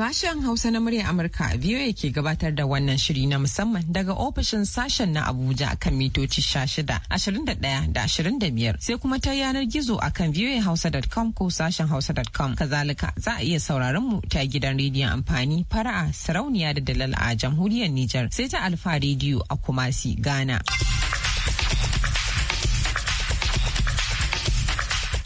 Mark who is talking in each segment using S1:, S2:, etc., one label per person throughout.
S1: Sashen Hausa na muryar Amurka a VOA ke gabatar da wannan shiri na musamman daga ofishin sashen na Abuja kan mitoci 16, ashirin da da 25 sai kuma ta yanar gizo a kan voahausa.com ko sashen hausa.com. Kazalika za a iya sauraron mu ta gidan rediyon amfani fara'a sarauniya da dalal a jamhuriyar Nijar sai ta Alfa rediyo a Kumasi, Ghana.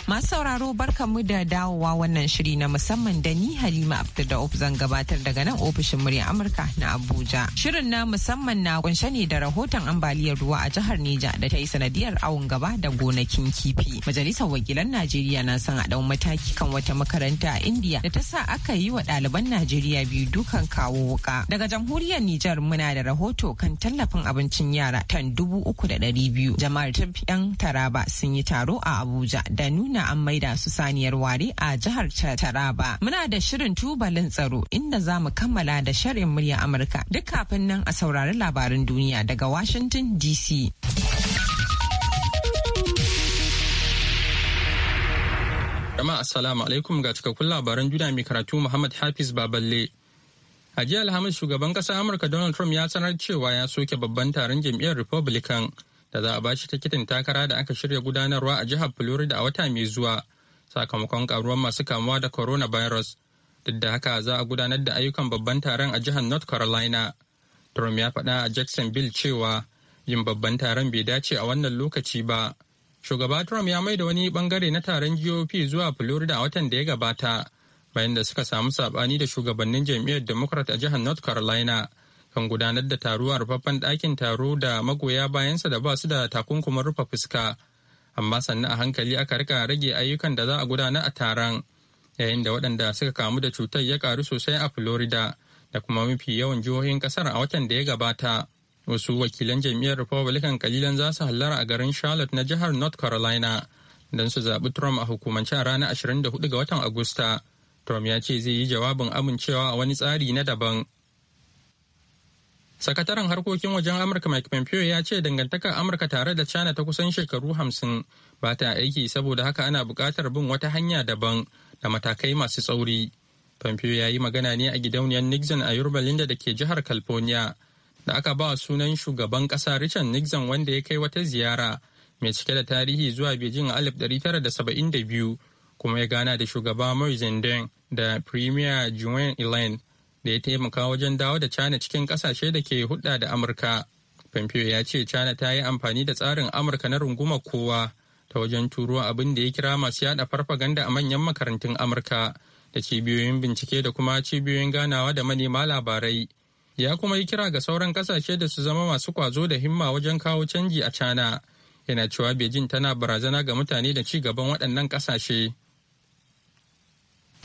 S1: Masu sauraro barkanmu da dawowa wannan shiri na musamman da ni Halima Abdulrauf zan gabatar daga nan ofishin murya Amurka na Abuja. Shirin na musamman na kunshe ne da rahoton ambaliyar ruwa a jihar Neja da ta yi sanadiyar awon gaba da gonakin kifi. Majalisar wakilan Najeriya na son a dau mataki kan wata makaranta a Indiya da ta sa aka yi wa ɗaliban Najeriya biyu dukan kawo wuka. Daga jamhuriyar Nijar muna da rahoto kan tallafin abincin yara tan dubu uku da ɗari biyu. Jama'ar yan Taraba sun yi taro a Abuja da nuna na an maida su saniyar ware a jihar Taraba. Muna da shirin tubalin tsaro inda za mu kammala da shirin murya Amurka. Duk kafin nan a saurari labarin duniya daga Washington DC.
S2: Jama'a assalamu alaikum ga cikakkun labaran duniya mai karatu Muhammad Hafiz Baballe. A jiya Alhamis shugaban ƙasar Amurka Donald Trump ya sanar cewa ya soke babban taron jam'iyyar Republican da za a ba shi tikitin takara da aka shirya gudanarwa a jihar Florida a wata mai zuwa sakamakon karuwar masu kamuwa da coronavirus. Duk da haka za a gudanar da ayyukan babban taron a jihar North Carolina. Trump ya faɗa a Jacksonville cewa yin babban taron bai dace a wannan lokaci ba. Shugaba Trump ya mai da wani bangare na taron GOP zuwa Florida a watan da ya gabata bayan da suka samu sabani da shugabannin jam'iyyar Democrat a jihar North Carolina kan gudanar da taro a rufaffen ɗakin taro da magoya bayansa da ba su da takunkumin rufe fuska amma sannan a hankali aka rika rage ayyukan da za a gudana a taron yayin da waɗanda suka kamu da cutar ya karu sosai a florida da kuma mafi yawan jihohin ƙasar a watan da ya gabata wasu wakilan jam'iyyar republican kalilan za su hallara a garin charlotte na jihar north carolina don su zaɓi trump a hukumance a ranar 24 ga watan agusta trump ya ce zai yi jawabin amincewa a wani tsari na daban Sakataren harkokin wajen Amurka Mike Pompeo ya ce dangantakar Amurka tare da China ta kusan shekaru hamsin ba ta aiki saboda haka ana buƙatar bin wata hanya daban da matakai masu tsauri. Pompeo ya yi magana ne a gidauniyar Nixon a Yorba Linda da ke jihar California da aka ba sunan shugaban ƙasa Richard Nixon wanda ya kai wata ziyara mai cike da tarihi zuwa Beijing a 1972 kuma ya gana da shugaba Mao Zedong da Premier Juan Elaine da ya taimaka wajen dawo da China cikin kasashe da ke hudda da Amurka. Pompeo ya ce China ta yi amfani da tsarin Amurka na runguma kowa ta wajen turuwa abin da ya kira masu yada farfaganda a manyan makarantun Amurka da cibiyoyin bincike da kuma cibiyoyin ganawa da manema labarai. Ya kuma yi kira ga sauran kasashe da su zama masu kwazo da himma wajen kawo canji a China. Yana cewa Beijing tana barazana ga mutane da ci gaban waɗannan ƙasashe.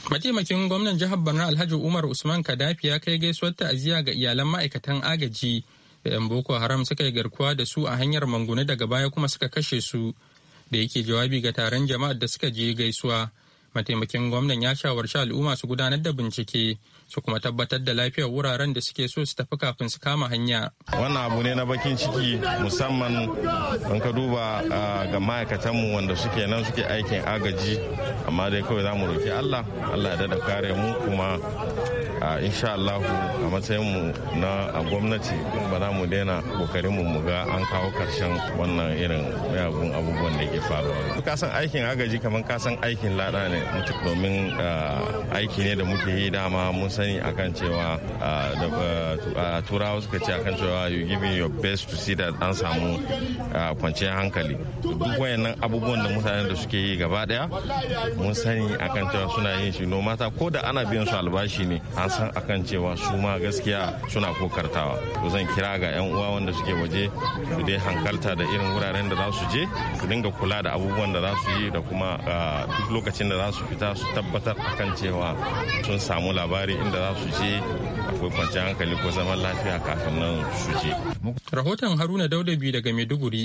S2: Mataimakin gwamnan jihar Borno Alhaji Umar Usman Kadafi ya kai gaisuwar ta'aziyya ga iyalan ma'aikatan agaji da 'yan Boko Haram suka yi garkuwa da su a hanyar mangune daga baya kuma suka kashe su. Da yake jawabi ga taron jama'ar da suka je gaisuwa. Mataimakin gwamnan ya shawarci al'umma su gudanar da bincike su kuma tabbatar da lafiyar wuraren da suke so su tafi kafin su kama hanya.
S3: Wannan abu ne na bakin ciki musamman in ka duba ga ma'aikatanmu wanda suke nan suke aikin agaji amma dai kawai za mu roki Allah Allah ya dada kare mu kuma insha Allah a matsayin mu na a gwamnati ba za mu daina kokarin mu muga an kawo karshen wannan irin mayagun abubuwan da ke faruwa ka san aikin agaji kamar ka san aikin lada ne domin aiki ne da muke yi dama mun sani akan cewa turawa suka ce akan cewa you give me your best to see that an samu kwanciyar hankali duk wayannan abubuwan da mutanen da suke yi gaba daya mun sani akan cewa suna yin shi no mata ko da ana biyan su albashi ne an na san akan cewa su ma gaskiya suna kokartawa to zan kira ga yan uwa wanda suke waje su dai hankalta da irin wuraren da za su je su dinga kula da abubuwan da za su yi da kuma ah, duk lokacin da za su fita su tabbatar akan cewa sun samu labari inda za su je akwai kwanciyar hankali ko zaman lafiya kafin nan su je.
S2: Rahoton Haruna biyu daga Maiduguri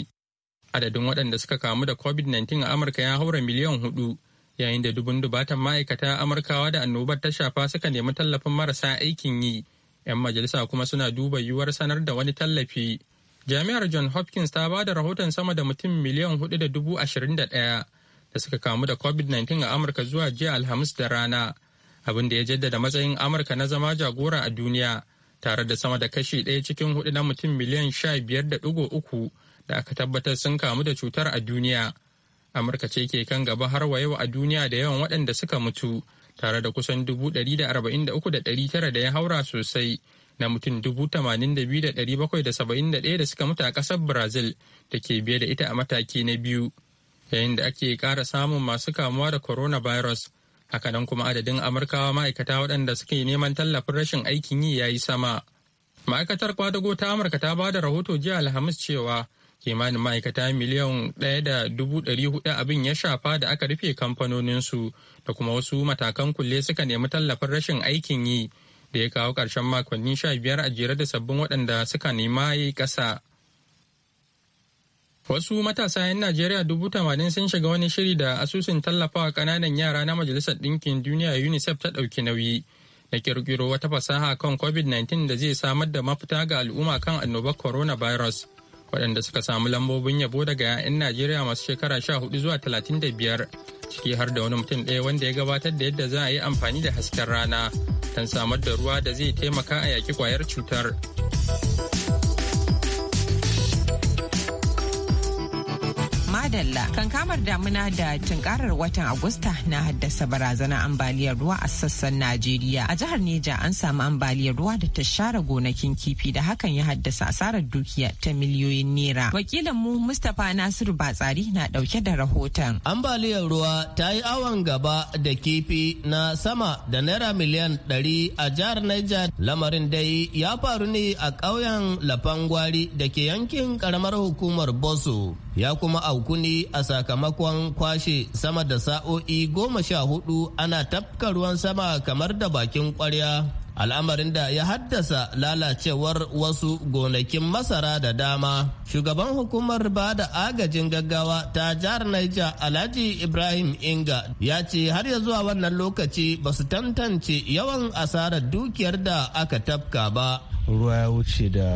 S2: adadin waɗanda suka kamu da COVID-19 a Amurka ya haura miliyan hudu yayin da dubun dubatan ma'aikata amurkawa da annobar ta shafa suka nemi tallafin marasa aikin yi 'yan majalisa kuma suna duba yiwuwar sanar da wani tallafi jami'ar john hopkins ta ba da rahoton sama da mutum miliyan hudu da dubu ashirin da daya da suka kamu da covid-19 a amurka zuwa jiya alhamis da rana abin da ya jaddada matsayin amurka na zama jagora a duniya tare da sama da kashi ɗaya cikin hudu na mutum miliyan sha biyar da dugu uku da aka tabbatar sun kamu da cutar a duniya amurka ce ke kan gaba har wa yau a duniya da yawan waɗanda suka mutu tare da kusan 143,900 da ya haura sosai na mutum 82,771 da suka mutu a ƙasar brazil da ke biye da ita a mataki na biyu yayin da ake ƙara samun masu kamuwa da corona coronavirus hakanan kuma adadin amurkawa ma'aikata waɗanda suke neman tallafin rashin aikin yi ya yi sama ma'aikatar kwadago ta amurka ta ba da rahoto jiya alhamis cewa kimanin ma'aikata miliyan ɗaya da dubu ɗari hudu abin ya shafa da aka rufe kamfanoninsu da kuma wasu matakan kulle suka nemi tallafin rashin aikin yi da ya kawo ƙarshen makonni sha biyar a jere da sabbin waɗanda suka nema yi ƙasa. Wasu matasa 'yan Najeriya dubu tamanin sun shiga wani shiri da asusun tallafawa ƙananan yara na Majalisar Ɗinkin Duniya UNICEF ta ɗauki nauyi. na kirkiro wata fasaha kan covid-19 da zai samar da mafita ga al'umma kan annobar coronavirus waɗanda suka samu lambobin yabo daga 'ya'yan Najeriya masu shekara 14 zuwa 35 ciki har da wani mutum ɗaya wanda ya gabatar da yadda za a yi amfani da hasken rana don samar da ruwa da zai taimaka a yaƙi kwayar cutar.
S1: Madalla kan kamar damuna da tunkarar watan Agusta na haddasa barazana ambaliyar ruwa a sassan Najeriya. A jihar Neja an samu ambaliyar ruwa da ta share gonakin kifi da hakan ya haddasa asarar dukiya ta miliyoyin naira. Wakilin mu Mustapha Nasiru Batsari na dauke da rahoton. Ambaliyar ruwa ta yi awon gaba da
S4: kifi na sama da naira miliyan ɗari a jihar Neja. Lamarin dai ya faru ne a ƙauyen Lafangwari da ke yankin ƙaramar hukumar Boso. ya kuma aukuni a sakamakon kwashe sama da sa'o'i goma sha hudu ana tafka ruwan sama kamar da bakin kwarya al'amarin da ya haddasa lalacewar wasu gonakin masara da dama shugaban hukumar ba da agajin gaggawa ta jihar Niger alhaji ibrahim inga ya ce har ya zuwa wannan lokaci ba su tantance yawan asarar dukiyar da aka tafka ba
S5: ruwa ya wuce da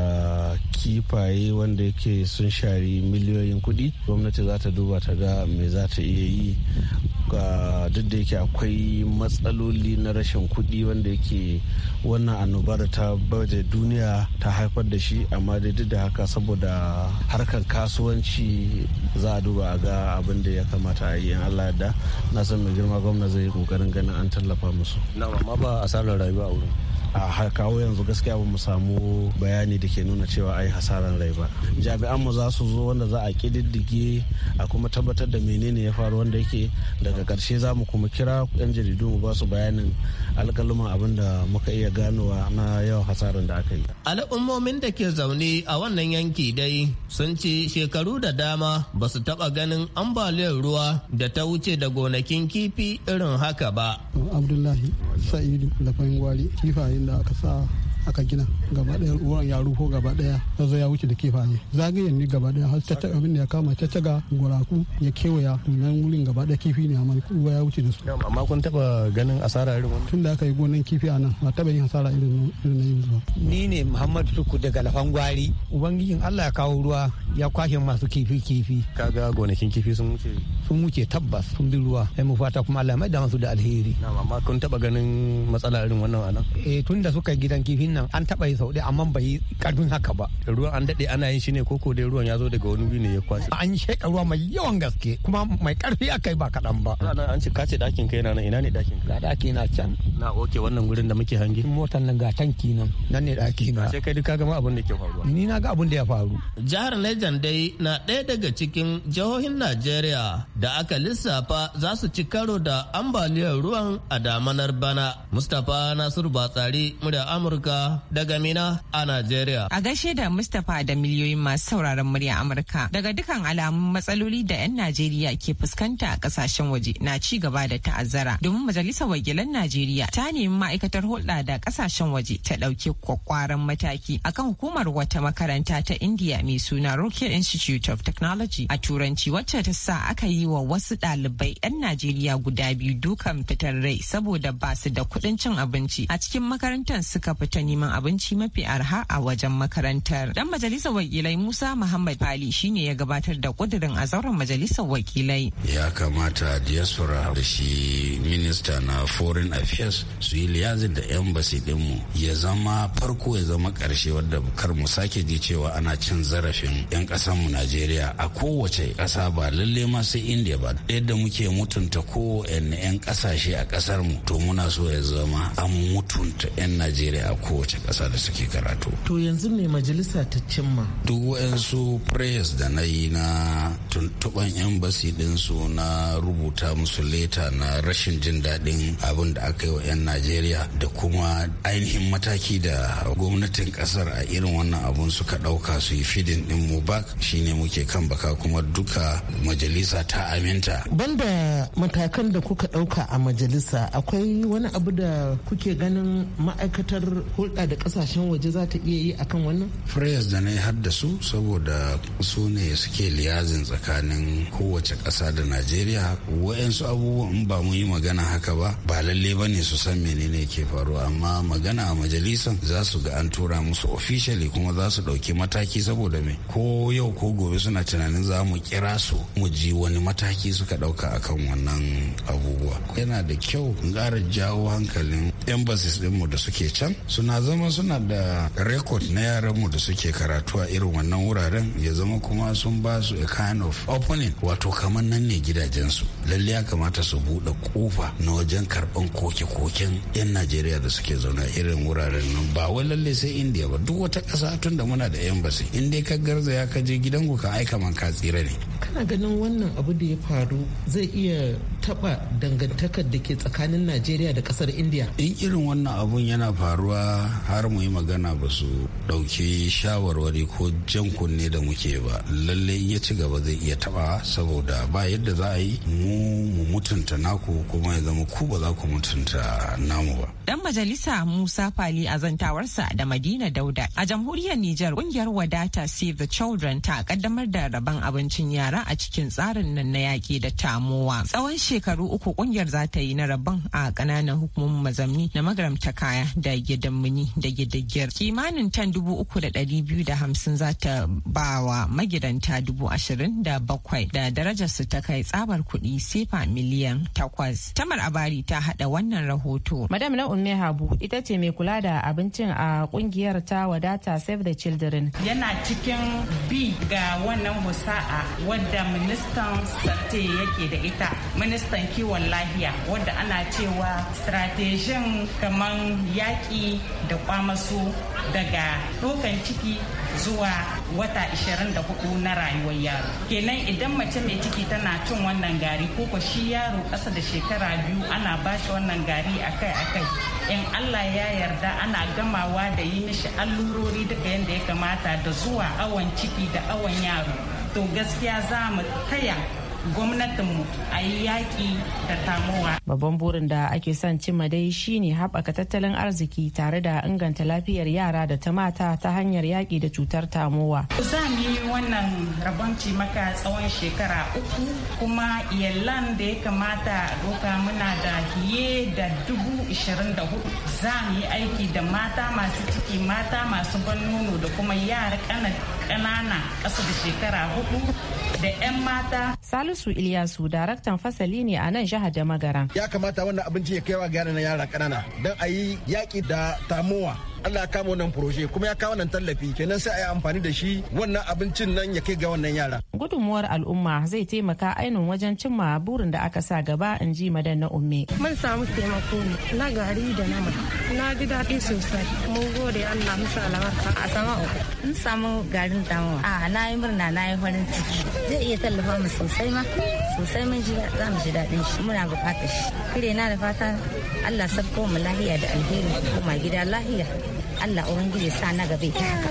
S5: kifaye wanda yake sun shari miliyoyin kuɗi gwamnati za ta duba ta ga me za ta iya yi duk da yake akwai matsaloli na rashin kuɗi wanda yake wannan annobar ta baje duniya ta haifar da shi amma dai duk da haka saboda harkar kasuwanci za a duba a ga abin da ya kamata a yi in allah yadda na san mai girma gwamna zai yi kokarin ganin an tallafa musu na amma ba asarar rayuwa a wurin a kawo yanzu gaskiya ba mu samu bayani da ke nuna cewa ai hasaran rai ba jami'an mu za su zo wanda za a kididdige a kuma tabbatar da menene ya faru wanda yake daga karshe za mu kuma kira yan jaridu mu ba su bayanin alƙaluman abin da muka iya ganowa na yawan hasaran da aka yi
S4: al'ummomin da ke zaune a wannan yanki dai sun ce shekaru da dama ba su taɓa ganin ambaliyar ruwa da ta wuce da gonakin kifi irin haka ba
S6: abdullahi sa'idu lafan gwari kifaye yanayin da aka sa aka gina gaba daya ruwan ya rufo gaba daya ya zo ya wuce da kefaye zagayen ne gaba daya har caccaga abin da ya kama caccaga guraku ya kewaya nan wurin gaba daya kifi ne amma ruwa ya wuce da su
S4: amma kun taba ganin asara irin wannan
S6: tun da aka yi gonan kifi a nan ba taba yin asara irin na yin ba
S4: ni
S7: ne muhammad tuku daga lafan gwari ubangijin allah ya kawo ruwa ya kwashe masu kifi kifi
S4: kaga gonakin kifi sun wuce sun wuce tabbas
S7: sun bi ruwa sai mu fata kuma allah mai da masu da alheri
S4: amma kun taba ganin matsala irin wannan a nan
S7: eh tun da suka gidan kifin nan an taba yi sau ɗaya
S4: amma bai karfin haka ba da ruwan an daɗe ana yin shi ne koko dai ruwan ya zo daga wani wuri ne ya kwashe an sheka ruwa mai yawan gaske kuma mai karfi aka kai ba kaɗan ba an ce kace ɗakin kai na nan ina ne ɗakin ga ɗaki na can na oke wannan gurin da muke hangi motar nan ga tanki nan nan ne ɗaki na sai kai duka gama abin da ke faruwa ni na ga abin da ya faru jihar Niger dai na ɗaya daga cikin jihohin Najeriya da aka lissafa za su ci karo da ambaliyar ruwan a damanar bana Mustapha Nasiru Batsari murya Amurka daga Mina a Najeriya.
S1: A gaishe da Mustapha da miliyoyin masu sauraron murya Amurka daga dukan alamun matsaloli da 'yan Najeriya ke fuskanta a kasashen waje na ci gaba da ta'azzara domin majalisar wakilan Najeriya ta nemi ma'aikatar hulɗa da kasashen waje ta ɗauki kwakwaran mataki akan hukumar wata makaranta ta India mai suna Rokia Institute of Technology a Turanci wacce ta sa aka yi wa wasu ɗalibai 'yan Najeriya guda biyu dukan fitar rai saboda ba su da kuɗin cin abinci a cikin makarantar suka fitan neman abinci mafi arha a wajen makarantar. Dan majalisar wakilai Musa Muhammad Fali shine ya gabatar da kudirin a zauren majalisar wakilai.
S5: Ya kamata diaspora da shi minista na foreign affairs su yi liyazin da embassy dinmu ya zama farko ya zama karshe wadda kar mu sake ji cewa ana cin zarafin 'yan mu Najeriya a kowace ƙasa ba lalle ma sai India ba. Yadda muke mutunta ko 'yan kasashe a ƙasar mu to muna so ya zama an mutunta 'yan Najeriya ko. kowace ƙasa da suke karatu.
S8: To yanzu ne majalisa ta cimma? Duk waɗansu
S5: prayers da na yi na tuntuɓan embassy su na rubuta musu leta na rashin jin daɗin abin da aka yi wa 'yan Najeriya da kuma ainihin mataki da gwamnatin ƙasar a irin wannan abun suka ɗauka su yi fidin ɗin mu shi shine muke kan baka kuma duka majalisa ta aminta.
S9: Banda matakan da kuka ɗauka a majalisa akwai wani abu da kuke ganin ma'aikatar hulɗa da kasashen waje za ta
S8: iya yi akan wannan
S5: prayers da na yi da su saboda su ne suke liyazin tsakanin kowace ƙasa da najeriya wayansu abubuwan in ba mu yi magana haka ba ba lalle ba ne su san menene ke faruwa amma magana a majalisan za su ga an tura musu officially kuma za su ɗauki mataki saboda me ko yau ko gobe suna tunanin za mu kira su mu ji wani mataki suka ɗauka akan wannan abubuwa yana da kyau in ƙara jawo hankalin embassies mu da suke can suna zama suna da record na yaran mu da suke karatu a irin wannan wuraren ya zama kuma sun ba su a kind of opening wato kamar nan ne gidajensu lalle ya kamata su buɗe kofa na wajen karɓan koke-koken 'yan najeriya da suke zauna irin wuraren nan ba wai lalle sai india ba duk wata ƙasa tun da muna da embassy in dai ka ya ka je gidanku ka aika man ka tsira ne
S9: kana ganin wannan abu da ya faru zai iya taba dangantakar da ke tsakanin
S6: najeriya da kasar india
S5: in irin wannan abun yana faruwa har mu yi magana ba su ɗauki shawarwari ko jan kunne da muke ba lalle ya ci gaba zai iya taba saboda ba yadda za a yi mu mu mutunta naku kuma ya zama ku ba za ku mutunta namu ba
S1: Dan majalisa Musa Fali a zantawarsa da Madina Dauda a jamhuriyar Nijar kungiyar wadata Save the Children ta kaddamar da rabon abincin yara a cikin tsarin nan na yaki da tamowa. Tsawon shekaru uku kungiyar za ta yi na rabon a kananan hukumomin mazamni na magaramta kaya da gidanmuni da gidigir. Kimanin tan dubu uku da ɗari biyu da hamsin za ta ba wa magidanta dubu ashirin da bakwai da darajar su ta kai tsabar kuɗi sefa miliyan takwas. Tamar Abari ta haɗa
S10: wannan rahoto.
S11: Madam Umme Habu ita ce mai kula da abincin a kungiyar ta wadata Save the Children.
S10: Yana cikin bi ga wannan musa'a wadda ministan sante yake da ita ministan kiwon lahiya wadda ana cewa stratejin kamar yaƙi da kwamasu daga dokan ciki zuwa wata 24 na rayuwar yaro kenan idan mace mai ciki tana cin wannan gari ko shi yaro ƙasa da shekara biyu ana bashi wannan gari akai-akai in allah ya yarda ana gamawa da yi mishi allurori duka yadda ya kamata da zuwa awon ciki da awon yaro to gaskiya za mu taya gwamnatinmu a yi yaƙi da
S11: tamowa. Babban burin da ake son cimma dai shine haɓaka tattalin arziki tare da inganta lafiyar yara da ta mata ta hanyar yaƙi da cutar tamowa.
S10: Za mu yi wannan rabon maka tsawon shekara uku kuma iyalan da ya kamata doka muna da fiye da dubu ishirin da hudu. Za mu yi aiki da mata masu ciki mata masu ban nono da kuma yara ƙanan ƙanana ƙasa da shekara hudu da 'yan
S11: mata. Salisu Ilyasu, daraktan fasali ne a nan jihar da magara. Ya kamata wannan abinci
S9: ya wa gyara na yara ƙanana don a yi yaƙi da tamowa Allah ya kama wannan proje kuma ya kawo nan tallafi kenan sai a yi amfani da shi wannan abincin nan ya kai ga wannan yara.
S11: Gudunmuwar al'umma zai taimaka ainihin wajen cimma burin da aka sa gaba in ji madan na umme. Mun samu
S10: taimako ne na gari da nama. Na ji daɗi sosai. Mun gode Allah musu alamarka A sama uku. Mun samu garin damuwa. A na yi murna na yi farin ciki. Zai iya tallafa mu sosai ma. Sosai mun ji za mu daɗin shi. Muna buƙatar shi. Kire na da fata Allah sabko mu lahiya da alheri kuma gida lahiya Allah ubangiji sa na gabe
S11: ta haka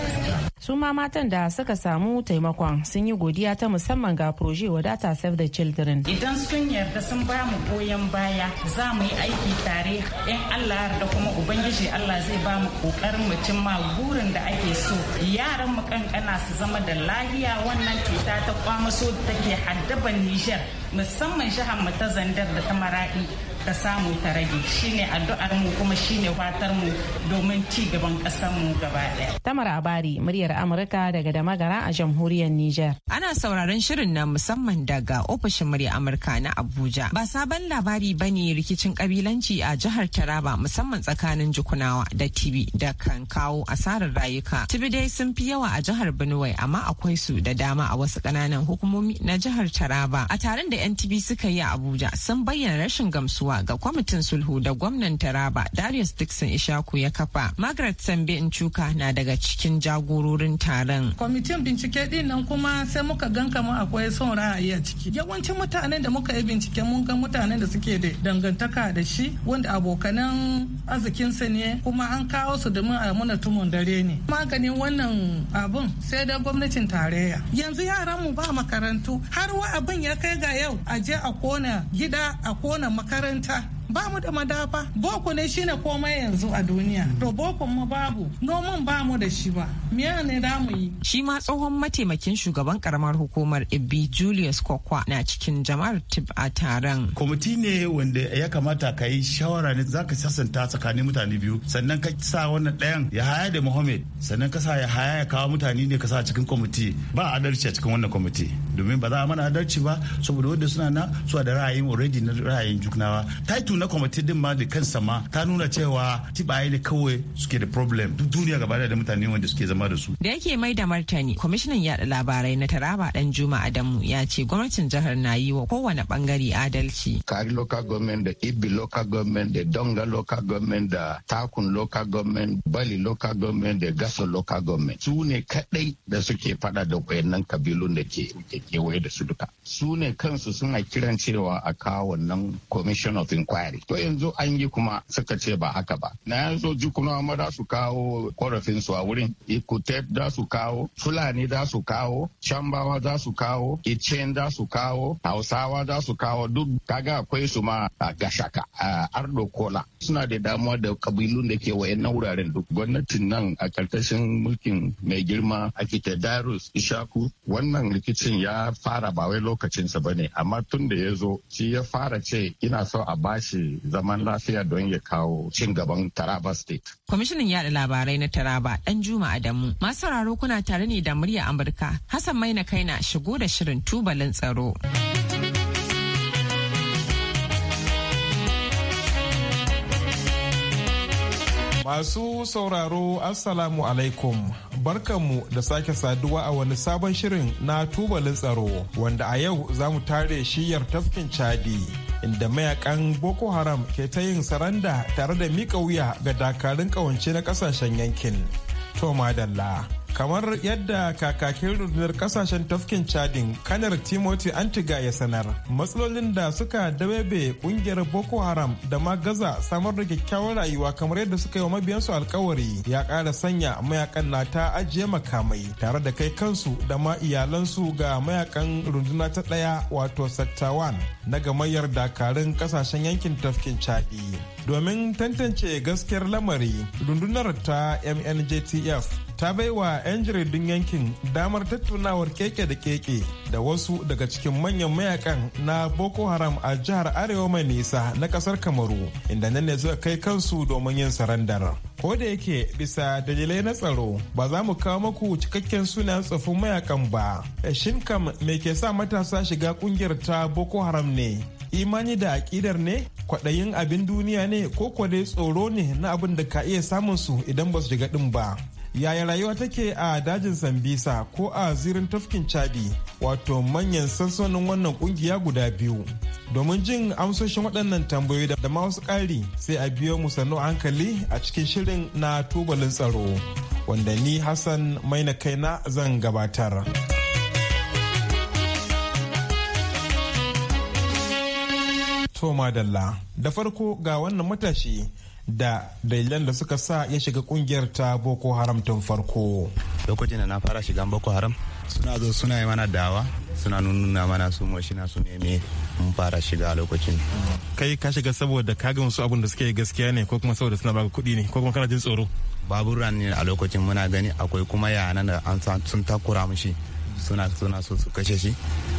S11: su ma matan da suka samu taimakon sun yi godiya ta musamman ga proje wadata save the children idan
S10: sun yarda sun ba mu goyon baya za mu yi aiki tare in allah da kuma ubangiji allah zai ba mu kokarin mu cimma burin da ake so yaran mu kankana su zama da lahiya wannan cuta ta kwamaso take haddaban nijar musamman jihar mu ta zandar da ta maradi ta samu ta rage shine addu'ar mu kuma shine fatar mu domin ci gaban kasar mu gaba daya
S11: Tamara Abari muryar Amurka daga Damagara a jamhuriyar Niger
S10: Ana sauraron shirin na
S1: musamman daga ofishin muryar Amurka na Abuja ba sabon
S11: labari bane
S1: rikicin kabilanci a jihar Taraba musamman tsakanin Jukunawa da Tibi da kan kawo asarar rayuka Tibi dai sun fi yawa a jihar Benue amma akwai su da dama a wasu kananan hukumomi na jihar Taraba a taron da 'yan Tibi suka yi a Abuja sun bayyana rashin gamsuwa ga kwamitin sulhu da gwamnan Taraba Darius Dixon Ishaku ya kafa. Margaret Sambe Nchuka na daga
S10: cikin jagororin taron. Kwamitin bincike din nan kuma sai muka gan kamar akwai son ra'ayi a ciki. Yawancin mutanen da muka yi bincike mun ga mutanen da suke da dangantaka da shi wanda abokanan arzikinsa ne kuma an kawo su da domin a muna tumun dare ne. Maganin wannan abun sai da gwamnatin tarayya. Yanzu yaran mu ba makarantu har wa abin ya kai ga yau a je a kona gida a kona makaranta center ba mu da madafa boko ne shine komai yanzu a duniya to boko ma babu noman ba mu da shi ba miya ne da mu yi
S1: shi ma tsohon mataimakin shugaban karamar hukumar ib Julius Kokwa na cikin jama'ar Tib a taron kwamiti ne wanda ya kamata ka yi
S7: shawara ne zaka sasanta tsakanin mutane biyu sannan ka sa wannan ɗayan ya haya da Muhammad sannan ka sa ya haya ya kawo mutane ne ka sa cikin kwamiti ba adalci a cikin wannan kwamiti domin ba za a mana adalci ba saboda wanda suna na suna da ra'ayin already na ra'ayin juknawa title na kwamitin din ma da kansa ma ta nuna cewa tibaye ne kawai suke da problem duk duniya gaba da mutane wanda
S12: suke zama da su
S1: da yake mai da martani kwamishinan yada labarai na taraba dan juma adamu ya ce gwamnatin jihar na yi wa kowane bangare adalci
S12: kari local government da ibi local government da donga local government da takun local government bali local government da gaso local government su ne kadai da suke fada da wayannan kabilun da ke kewaye da su duka su ne kansu suna kiran cewa a kawo wannan commission of inquiry tsari to yanzu an yi kuma suka ce ba haka ba na yanzu jikunawa ma za su kawo korafin su a wurin ikutep za su kawo fulani za su kawo shambawa za su kawo icen za su kawo hausawa za su kawo duk kaga akwai su ma a gashaka a ardo kola suna da damuwa da kabilun da ke na wuraren duk gwamnatin nan a karkashin mulkin mai girma a akita darus ishaku wannan rikicin ya fara ba wai lokacinsa ne amma tun da ya zo shi ya fara ce ina so a bashi shi zaman lafiya don ya kawo cin gaban Taraba State.
S1: Kwamishinan yada labarai na Taraba Dan Juma Adamu. Masu sauraro kuna tare ne da murya Amurka. Hassan Maina na, shigo da shirin tubalin tsaro.
S9: Masu sauraro Assalamu alaikum barkanmu da sake saduwa a wani sabon shirin na tubalin tsaro wanda a yau za mu tare shiyar tafkin Chadi. inda mayakan boko haram ke ta yin saranda tare da mika wuya ga dakarun kawance na kasashen yankin toma dalla kamar yadda kakakin rundunar kasashen tafkin chadin kanar timothy antiga ya sanar matsalolin da suka dawebe kungiyar boko haram da ma gaza samar da kyakkyawar rayuwa kamar yadda suka yi wa mabiyansu alkawari ya kara sanya mayakan na ta ajiye makamai tare da kai kansu da ma iyalansu ga mayakan runduna ta ɗaya wato sattawan na gamayyar dakarun kasashen yankin tafkin chadi domin tantance gaskiyar lamari rundunar ta mnjtf ta bai wa 'yan jaridun yankin damar tattaunawar keke da keke da wasu daga cikin manyan mayakan na boko haram a jihar arewa mai nisa na kasar kamaru inda nan ne zuwa kai kansu domin yin sarandar ko da yake bisa dalilai na tsaro ba za mu kawo maku cikakken sunan tsofin mayakan ba eh, shin kam me ke sa matasa shiga kungiyar ta boko haram ne imani da aƙidar ne kwaɗayin abin duniya ne ko dai tsoro ne na abin da ka iya samun su idan ba su shiga ɗin ba yaya rayuwa take a dajin sambisa ko a zirin tafkin chadi wato manyan sansanin wannan kungiya guda biyu domin jin amsoshin waɗannan tambayoyi da ma wasu ƙari sai a biyo mu sannu hankali a cikin shirin na tubalin tsaro wanda ni hassan maina kaina zan gabatar Toma Dalla da farko ga wannan matashi da dalilan da suka sa ya shiga kungiyar ta boko haram tun farko
S7: lokacin da na fara shiga boko haram suna zo suna yi mana dawa suna nuna mana su na su neme mun fara shiga lokacin
S9: kai ka shiga saboda ka ga wasu abun da suke gaskiya ne ko kuma saboda suna baka kuɗi ne ko kuma kana jin tsoro babura ne a lokacin muna gani
S7: akwai kuma yana da an sun takura mushi suna suna so su kashe shi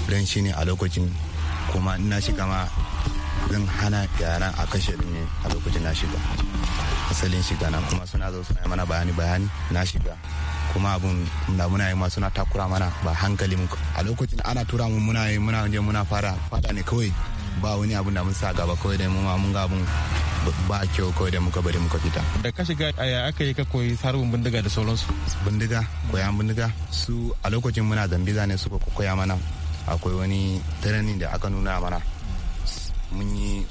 S7: don shi ne a lokacin kuma ina shiga ma zan hana yara a kashe ne a lokacin na shiga asalin shiga nan kuma suna zo suna mana bayani bayani na shiga kuma abun da muna yi ma suna takura mana ba hankali mu a lokacin ana tura mu muna yi muna je muna fara fada ne kawai ba wani abun da mun sa gaba kawai da mu ma mun ga abun ba kyau kawai da muka bari muka fita. Da
S9: ka shiga aya aka yi ka koyi harbin bindiga da sauransu.
S7: Bindiga, koyan bindiga su a lokacin muna zambiza ne suka koya mana akwai wani tarani da aka nuna mana mun yi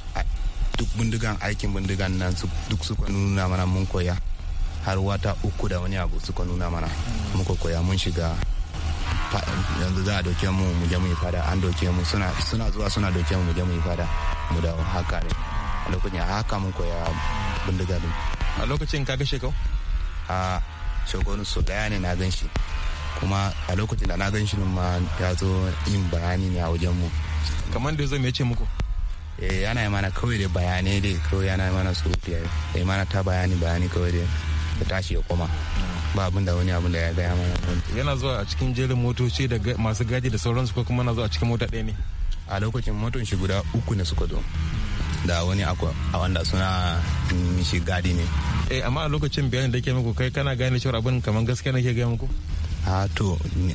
S7: duk bindigan aikin bindigan nan duk suka nuna mana mun koya har wata uku da wani abu suka nuna mana mun koya mun shiga yanzu za a doke mu mu je mu yi fada an doke mu suna zuwa suna doke mu mu je mu yi fada mu dawo haka ne a lokacin haka mun koya bindiga din a lokacin ka ga shekau a shekau so daya ne na gan shi kuma a lokacin da na gan shi ma ya zo yin bayani ne a wajen mu
S9: kamar da zai mece muku
S11: yana eh, yi mana kawai
S7: da bayanai dai kawai yana yi mana surutu ya yi mana ta bayani bayani kawai da ta tashi ya koma ba abin da wani abin da ya gaya mana
S9: yana zuwa a cikin jerin motoci da masu gadi da sauransu ko kuma na zuwa a cikin mota ɗaya ne a lokacin moton shi guda uku ne suka zo
S7: da wani akwa a wanda suna shi gadi ne
S9: eh amma a lokacin bayanin da ke muku kai kana gane cewa abin kamar gaskiya
S7: na ke gaya muku a to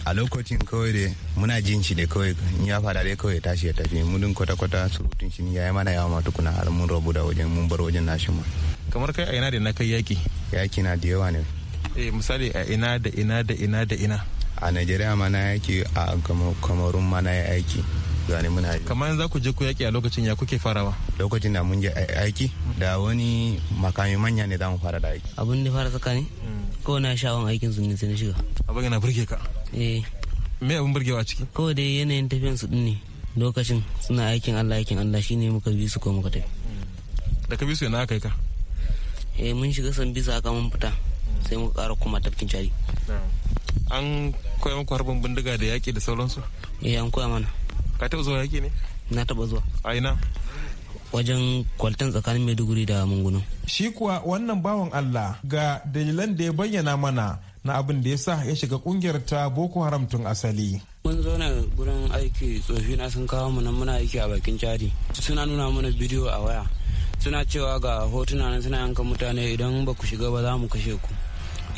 S7: a lokacin kawai da muna jin shi da kawai ya fada dai kawai tashi ya tafi mudun kwata-kwata surutun shi ya yi mana yawa ma tukuna har mun rabu da wajen mun bar wajen nashi ma
S9: kamar kai a ina da na kai yaki
S7: yaki na da yawa ne
S9: eh misali a ina
S7: da ina da ina da ina a najeriya mana na yaki a kamarun mana ya aiki zane muna kamar za ku je ku yaki a lokacin ya kuke farawa lokacin da mun je aiki da wani makami manya ne za mu fara da aiki
S6: abin da fara ne hmm. ko na sha'awan aikin su ne sai na shiga abin yana burge ka eh me abin burgewa ciki ko da yanayin tafiyan su din ne lokacin suna aikin Allah aikin Allah shine muka bi su ko muka tafi
S9: hmm. da ka bi su yana kai ka
S6: eh mun shiga san bisa aka mun fita hmm. sai muka ƙara kuma tafkin cari
S9: an koya muku harbin bindiga da yaƙi da sauransu eh an koya mana ka taɓa zuwa yaƙi ne na taɓa zuwa a ina wajen kwaltan tsakanin maiduguri da mungunu shi kuwa wannan bawan allah ga dalilan da ya bayyana mana na abin da ya sa ya shiga kungiyar ta boko haram tun asali
S8: mun zauna gurin aiki tsofi na sun kawo nan muna aiki a bakin jari suna nuna mana bidiyo a waya suna cewa ga hotuna nan suna yanka mutane idan ba ku shiga ba za mu kashe ku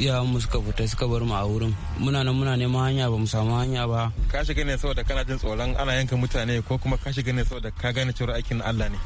S8: mu suka fita suka bar mu a wurin muna nan muna neman hanya ba mu samu hanya ba
S9: ka shiga ne saboda kana jin tsoron ana yanka
S8: mutane ko kuma ka shiga ne saboda ka gane cewa aikin Allah ne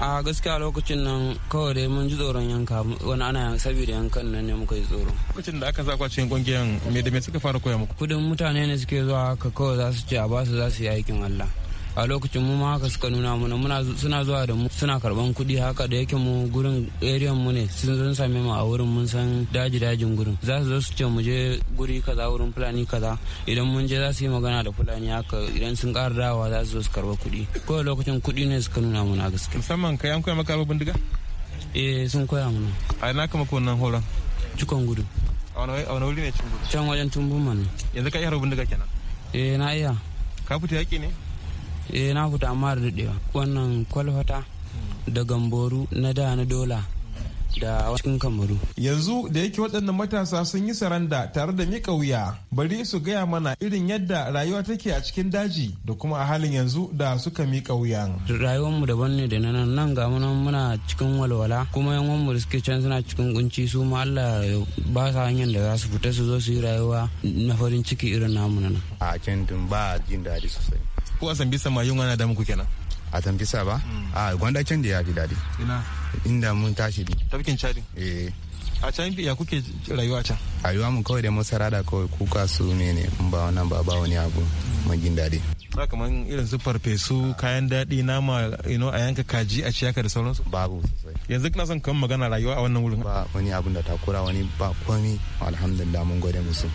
S8: a gaskiya lokacin nan kawai dai mun ji tsoron yanka wani ana saboda yankan nan ne muka yi tsoro lokacin da aka sa kwa cikin kungiyan me da me suka fara koya muku kudin mutane ne suke zuwa ka kawai za su ce a basu za su yi aikin Allah a lokacin mu ma haka suka nuna mana muna suna zuwa da mu suna karban kuɗi haka da yake mu gurin area mu ne sun zo same mu a wurin mun san daji dajin gurin za su zo su ce mu je guri kaza wurin fulani kaza idan mun je za su yi magana da fulani haka idan sun ƙara dawa za su zo su karba kuɗi ko lokacin kuɗi ne suka nuna mana gaske musamman kai an koya maka abin bindiga eh sun koya mana a ina kama ko nan horon cikon gudu a wani wuri ne cikin gudu can wajen tumbun mana yanzu ka iya harbin bindiga kenan eh na iya ka fita yaƙi ne eh na fita amma da daɗewa wannan kwalfata da gamboru na da na dola
S9: da cikin kamaru. Yanzu da yake waɗannan matasa sun yi saranda tare da mika wuya bari su gaya mana irin yadda rayuwa take a cikin daji da kuma a halin yanzu da suka mika wuyan.
S8: Rayuwarmu daban ne da nan nan ga nan muna cikin walwala kuma yan wanmu da suke can suna cikin kunci su ma Allah ba sa hanyar da za su fita su zo su yi rayuwa na farin ciki irin namu nan.
S7: A can ba jin daɗi sosai. ko a sambisa ma yunwa na damu ku kenan a tambisa ba mm. a ah, gwanda can da ya fi daɗi inda mun tashi ne tafkin cari eh. a can ya kuke rayuwa can rayuwa mu kawai da masara da kawai kuka su ne ne in ba wannan ba ba wani abu magin daɗi
S9: ba kamar irin su farfesu kayan daɗi nama ino a yanka kaji a ciyaka da sauransu babu sosai yanzu kina son kan magana rayuwa a wannan wurin ba wani abun da takura wani ba komi alhamdulillah mun gode musu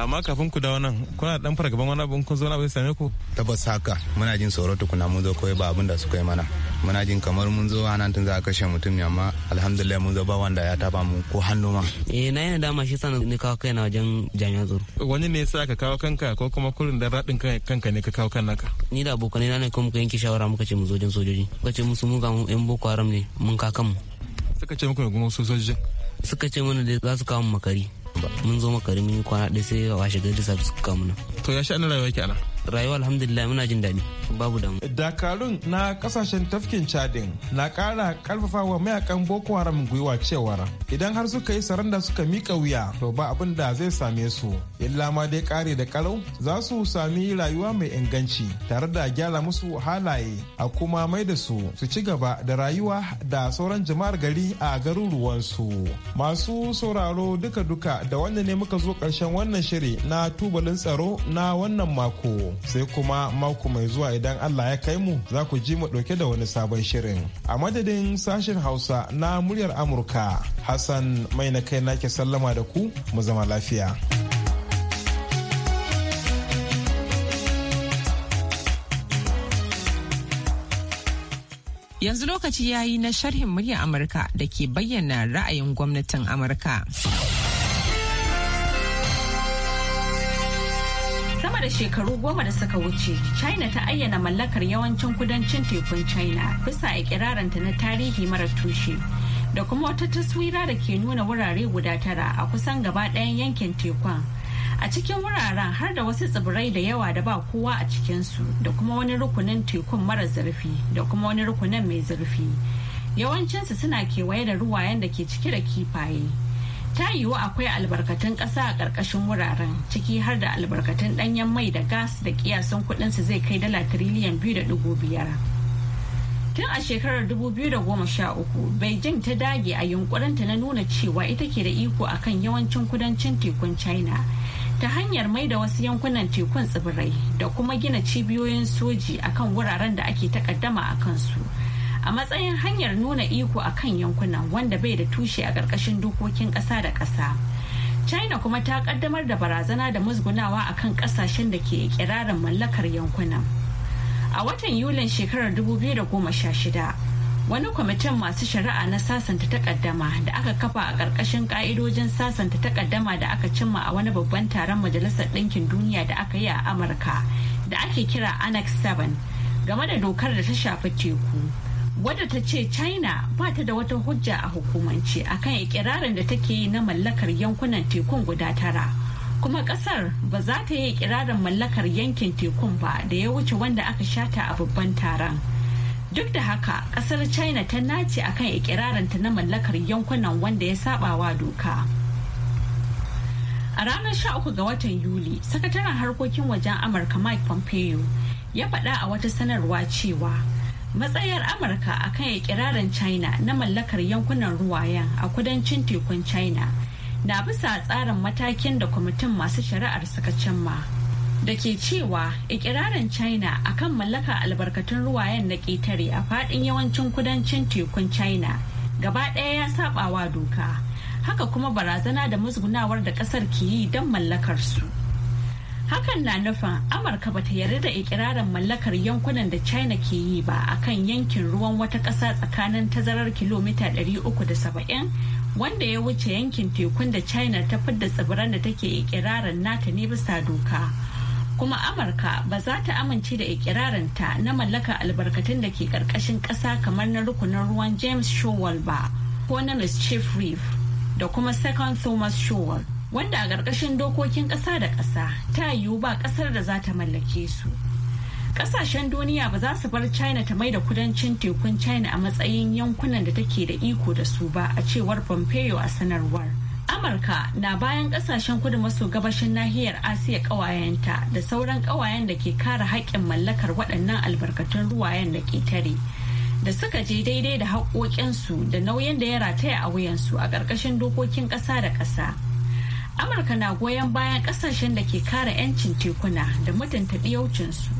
S9: amma kafin ku dawo nan kuna dan fargaban wani abin kun zo na bai same ku tabbas haka
S7: muna jin tsoro tukuna mun zo kawai ba abin da suka yi mana muna jin kamar mun zo nan tun za a kashe mutum ne amma alhamdulillah mun zo ba wanda ya taba mu ko hannu ma
S6: eh na yana dama shi sanin ne kawo kai na wajen jami'an tsaro wani ne yasa ka kawo kanka ko kuma kurin da radin kanka ne ka kawo kanka ni da abokanai na ne kuma muka yanke shawara muka ce mu zo jin sojoji muka ce musu mu ga mu yan boko haram ne mun kakan mu suka ce muku ne kuma sojoji suka ce mana da za su kawo makari mun zo makari mun yi kwana ɗaya sai washe gari da kamuna.
S9: to ya sha'anin rayuwa ke ana. rayuwa alhamdulillah muna jin daɗi babu damu. dakarun na kasashen tafkin chadin na ƙara ƙarfafa wa mayakan boko haram gwiwa cewar idan har suka yi saranda suka mika wuya to ba abin da zai same su illa ma dai kare da kalau za su sami rayuwa mai inganci tare da gyara musu halaye a kuma mai da su su ci gaba da rayuwa da sauran jama'ar gari a garuruwansu masu sauraro duka-duka da wanda ne muka zo ƙarshen wannan shiri na tubalin tsaro na wannan mako sai kuma mako mai zuwa idan Allah ya kai mu za ku ji mu ɗauke da wani sabon shirin. A madadin sashen Hausa na muryar Amurka Hassan mai na kai nake sallama da ku mu zama lafiya.
S1: Yanzu lokaci yayi na sharhin muryar Amurka da ke bayyana ra'ayin gwamnatin Amurka.
S13: shekaru goma da suka wuce china ta ayyana mallakar yawancin kudancin tekun china bisa a ikirarinta na tarihi mara tushe da kuma wata taswira da ke nuna wurare guda tara a kusan gaba ɗayan yankin tekun a cikin wuraren har da wasu tsibirai da yawa da ba kowa a cikinsu da kuma wani rukunin tekun mara zurfi da kuma wani rukunin mai zurfi yawancinsu suna kewaye da ruwayen da ke cike da kifaye ta yiwu akwai albarkatun ƙasa a ƙarƙashin wuraren ciki har da albarkatun ɗanyen mai da gas da kiyasan su zai kai dala tiriliyan biyu da biyar tun a shekarar 2013 beijing ta dage a yunkurinta na nuna cewa ita ke da iko akan yawancin kudancin tekun china ta hanyar mai da wasu yankunan tekun tsibirai da kuma gina cibiyoyin soji akan wuraren da ake takaddama a kansu. su a matsayin hanyar nuna iko a kan yankunan wanda bai da tushe a ƙarƙashin dokokin ƙasa da ƙasa. China kuma ta ƙaddamar da barazana da musgunawa a kan ƙasashen da ke ƙirarin mallakar yankunan. A watan Yulin shekarar 2016, wani kwamitin masu shari'a na sasanta takaddama da aka kafa a ƙarƙashin ƙa'idojin sasanta takaddama da aka cimma a wani babban taron majalisar ɗinkin duniya da aka yi a amurka da ake kira annex 7 game da dokar da ta shafi teku wadda ta ce china ba ta da wata hujja a hukumance akan ikirarin da take yi na mallakar yankunan tekun guda tara kuma kasar ba za ta yi ikirarin mallakar yankin tekun ba da ya wuce wanda aka shata a babban taron duk da haka kasar china ta nace akan ikirarinta na mallakar yankunan wanda ya sabawa doka a ranar 13 ga watan yuli sakataren harkokin wajen amurka mike pompeo ya faɗa a wata sanarwa cewa matsayar amurka a kan ikirarin china na mallakar yankunan ruwayen a kudancin tekun china na bisa tsarin matakin da kwamitin masu shari'ar suka cimma da ke cewa ikirarin china a kan mallakar albarkatun ruwayen na ƙetare a faɗin yawancin kudancin tekun china gaba ɗaya ya saɓawa doka haka kuma barazana da musgunawar da ƙasar ke yi don mallakarsu. su. hakan na nufin amurka bata yarda da ikirarin mallakar yankunan da china ke yi ba akan yankin ruwan wata ƙasa tsakanin tazarar kilomita 370 wanda ya wuce yankin tekun da china ta fidda tsibiran da take ikirarin nata ne bisa doka kuma amurka ba za ta amince da ta na mallaka albarkatun da ke karkashin ƙasa kamar na rukunin ruwan james shawal ba ko na mischief reef da kuma second thomas shawal wanda a ƙarƙashin dokokin ƙasa da ƙasa ta yiwu ba ƙasar da za ta mallake su. Ƙasashen duniya ba za su bar China ta mai da kudancin tekun China a matsayin yankunan da take da iko da su ba a cewar Pompeo a sanarwar. Amurka na bayan ƙasashen kudu maso gabashin nahiyar Asiya ƙawayenta da sauran ƙawayen da ke kare haƙƙin mallakar waɗannan albarkatun ruwayen da ke tare. da suka je daidai da haƙoƙinsu da nauyin da ya rataya a wuyansu a ƙarƙashin dokokin ƙasa da ƙasa. amurka na goyon bayan kasashen da ke kare 'yancin tekuna da mutunta ɗiyaucinsu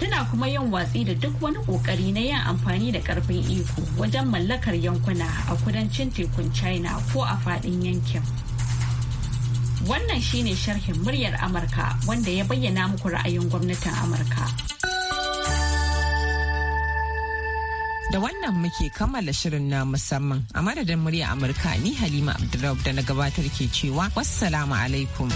S13: tana kuma yin watsi da duk wani ƙoƙari na yin amfani da ƙarfin iko wajen mallakar yankuna a kudancin tekun china ko a fadin yankin wannan shine sharhin muryar amurka wanda ya bayyana muku ra'ayin gwamnatin amurka
S1: da wannan muke kammala shirin na musamman a madadin murya amurka ni halima Abdulrab da na gabatar ke cewa wassalamu alaikum